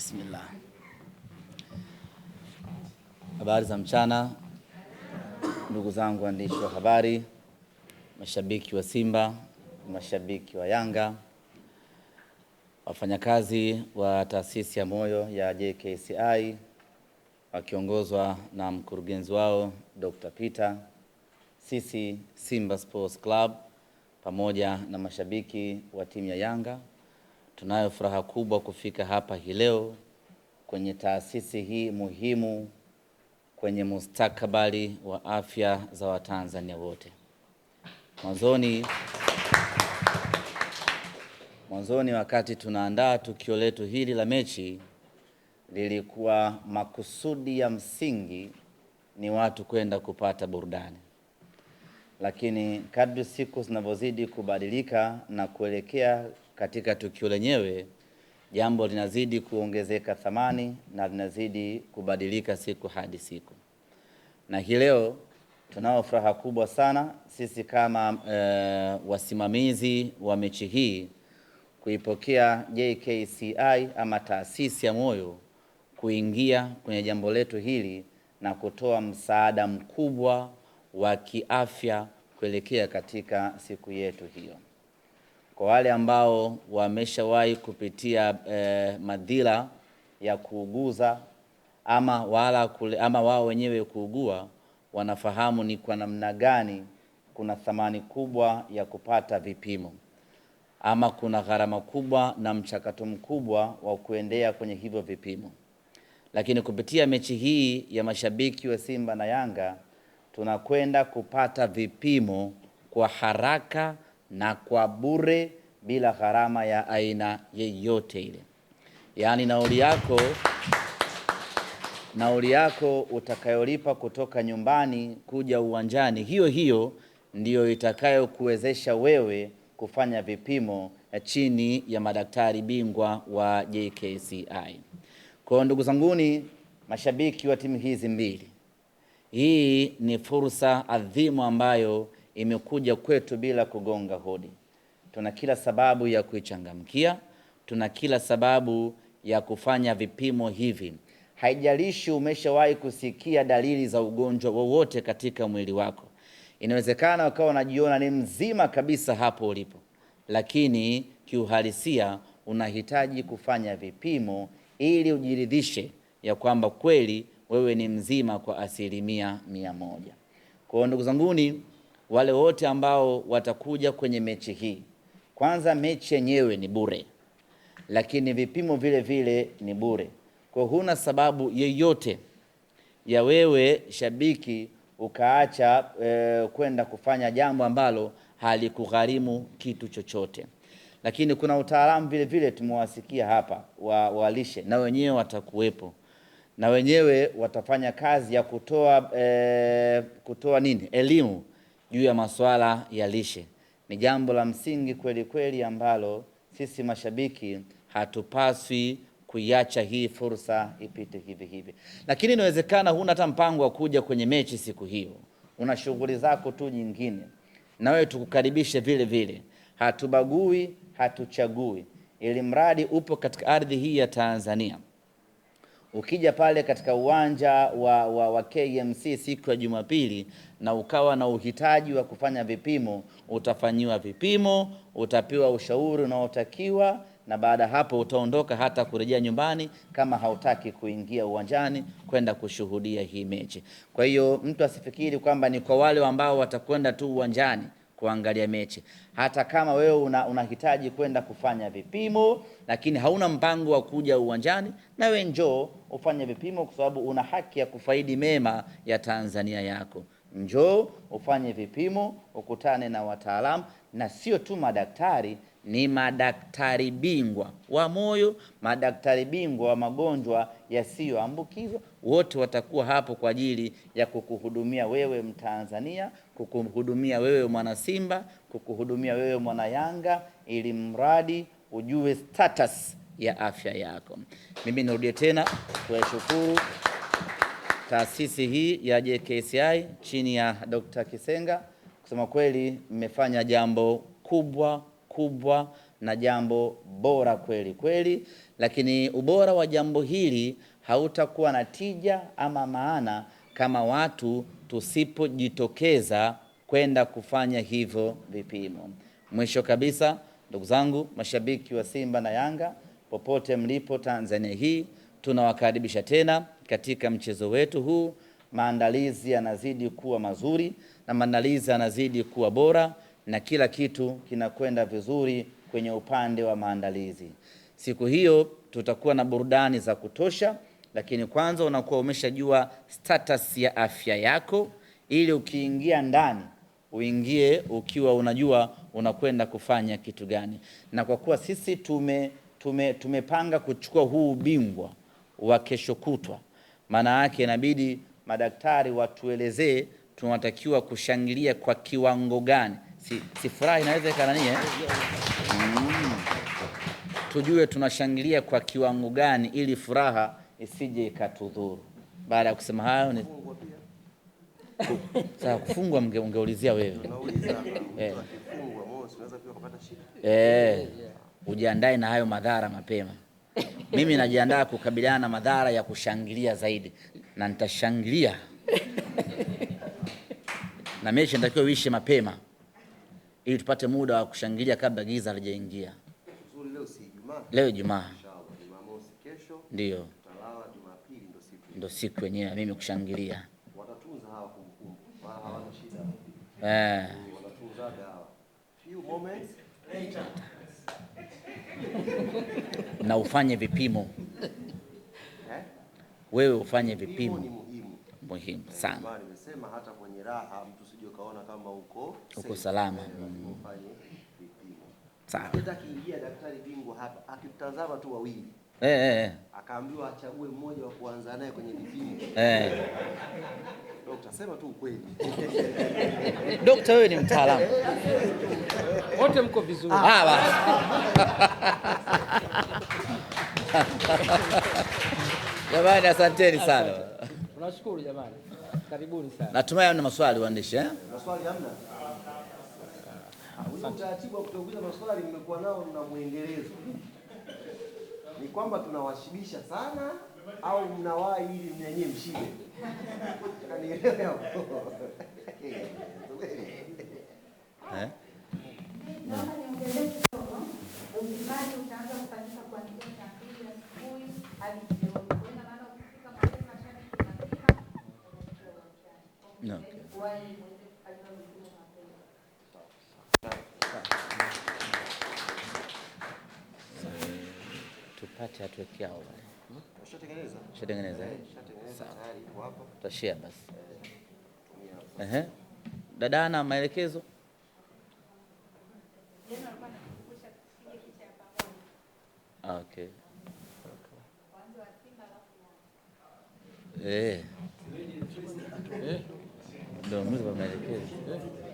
Bismillah. Habari za mchana, ndugu zangu waandishi wa habari, mashabiki wa Simba, mashabiki wa Yanga, wafanyakazi wa taasisi ya moyo ya JKCI wakiongozwa na mkurugenzi wao Dr. Peter, sisi Simba Sports Club pamoja na mashabiki wa timu ya Yanga Tunayo furaha kubwa kufika hapa hii leo kwenye taasisi hii muhimu kwenye mustakabali wa afya za Watanzania wote. Mwanzoni mwanzoni, wakati tunaandaa tukio letu hili la mechi, lilikuwa makusudi ya msingi ni watu kwenda kupata burudani, lakini kadri siku zinavyozidi kubadilika na kuelekea katika tukio lenyewe, jambo linazidi kuongezeka thamani na linazidi kubadilika siku hadi siku, na hii leo tunao furaha kubwa sana sisi kama e, wasimamizi wa mechi hii kuipokea JKCI ama taasisi ya moyo kuingia kwenye jambo letu hili na kutoa msaada mkubwa wa kiafya kuelekea katika siku yetu hiyo. Kwa wale ambao wameshawahi kupitia eh, madhila ya kuuguza ama wala kule, ama wao wenyewe kuugua, wanafahamu ni kwa namna gani kuna thamani kubwa ya kupata vipimo ama kuna gharama kubwa na mchakato mkubwa wa kuendea kwenye hivyo vipimo. Lakini kupitia mechi hii ya mashabiki wa Simba na Yanga tunakwenda kupata vipimo kwa haraka na kwa bure bila gharama ya aina yeyote ile. Yaani nauli yako nauli yako utakayolipa kutoka nyumbani kuja uwanjani, hiyo hiyo ndiyo itakayokuwezesha wewe kufanya vipimo chini ya madaktari bingwa wa JKCI. Kwa ndugu zanguni, mashabiki wa timu hizi mbili, hii ni fursa adhimu ambayo imekuja kwetu bila kugonga hodi. Tuna kila sababu ya kuichangamkia, tuna kila sababu ya kufanya vipimo hivi. Haijalishi umeshawahi kusikia dalili za ugonjwa wowote katika mwili wako. Inawezekana ukawa unajiona ni mzima kabisa hapo ulipo, lakini kiuhalisia unahitaji kufanya vipimo ili ujiridhishe ya kwamba kweli wewe ni mzima kwa asilimia mia moja. Kwa ndugu zanguni wale wote ambao watakuja kwenye mechi hii. Kwanza mechi yenyewe ni bure, lakini vipimo vile vile ni bure. Kwa huna sababu yeyote ya wewe shabiki ukaacha e, kwenda kufanya jambo ambalo halikugharimu kitu chochote. Lakini kuna utaalamu vile vile tumewasikia hapa wa walishe, na wenyewe watakuwepo, na wenyewe watafanya kazi ya kutoa e, kutoa nini elimu juu ya masuala ya lishe. Ni jambo la msingi kweli kweli ambalo sisi mashabiki hatupaswi kuiacha hii fursa ipite hivi hivi. Lakini inawezekana huna hata mpango wa kuja kwenye mechi siku hiyo, una shughuli zako tu nyingine, na wewe tukukaribishe vile vile. Hatubagui, hatuchagui, ili mradi upo katika ardhi hii ya Tanzania. Ukija pale katika uwanja wa, wa, wa KMC siku ya Jumapili na ukawa na uhitaji wa kufanya vipimo, utafanyiwa vipimo, utapewa ushauri unaotakiwa na baada ya hapo utaondoka hata kurejea nyumbani, kama hautaki kuingia uwanjani kwenda kushuhudia hii mechi. Kwa hiyo mtu asifikiri kwamba ni kwa wale ambao watakwenda tu uwanjani kuangalia mechi. Hata kama wewe una, unahitaji kwenda kufanya vipimo, lakini hauna mpango wa kuja uwanjani, na wewe njoo ufanye vipimo, kwa sababu una haki ya kufaidi mema ya Tanzania yako. Njoo ufanye vipimo, ukutane na wataalamu na sio tu madaktari ni madaktari bingwa wa moyo, madaktari bingwa wa magonjwa yasiyoambukizwa. Wote watakuwa hapo kwa ajili ya kukuhudumia wewe Mtanzania, kukuhudumia wewe mwana Simba, kukuhudumia wewe mwana Yanga, ili mradi ujue status ya afya yako. Mimi nirudie tena kuwashukuru taasisi hii ya JKCI chini ya Dr. Kisenga. Kusema kweli, mmefanya jambo kubwa kubwa na jambo bora kweli kweli, lakini ubora wa jambo hili hautakuwa na tija ama maana kama watu tusipojitokeza kwenda kufanya hivyo vipimo. Mwisho kabisa, ndugu zangu, mashabiki wa Simba na Yanga popote mlipo Tanzania hii, tunawakaribisha tena katika mchezo wetu huu. Maandalizi yanazidi kuwa mazuri na maandalizi yanazidi kuwa bora na kila kitu kinakwenda vizuri kwenye upande wa maandalizi. Siku hiyo tutakuwa na burudani za kutosha, lakini kwanza unakuwa umeshajua status ya afya yako, ili ukiingia ndani uingie ukiwa unajua unakwenda kufanya kitu gani. Na kwa kuwa sisi tume, tume, tumepanga kuchukua huu ubingwa wa kesho kutwa, maana yake inabidi madaktari watuelezee tunatakiwa kushangilia kwa kiwango gani si, si furaha inaweza eh? mm. Tujue tunashangilia kwa kiwango gani, ili furaha isije ikatudhuru. Baada ya kusema hayo ni sasa kufungwa, ungeulizia wewe eh. eh, ujiandae na hayo madhara mapema. Mimi najiandaa kukabiliana na madhara ya kushangilia zaidi, na nitashangilia na mechi natakiwa uishe mapema ili tupate muda wa kushangilia kabla giza halijaingia. Leo Ijumaa ndio ndio siku yenyewe mimi kushangilia eh. Eh. na ufanye vipimo eh? wewe ufanye vipimo muhimu sana. Nimesema hata kwenye raha mtu kama uko uko salama. akiingia daktari bingwa hapa akitazama tu wawili eh, eh, eh, akaambiwa achague mmoja wa kuanza naye kwenye vipimo. Eh. Dokta, sema tu ukweli. wewe ni mtaalamu. Wote mko vizuri. Ah, basi. Jamani, asanteni sana. Tunawashukuru jamani, karibuni sana. Natumai hamna maswali waandishi eh? Maswali hamna. Utaratibu wa kutoguza maswali mmekuwa nao na mwendelezo ni kwamba tunawashibisha sana au mnawahi ili mnyenyewe mshibe. Kanielewa Eh? tupate atuwekea wale tushatengeneza tushatengeneza eh, tayari hapo, tutashare basi. Eh. Ehe, dada ana maelekezo ah, okay. Eh. eh, ndio mzee maelekezo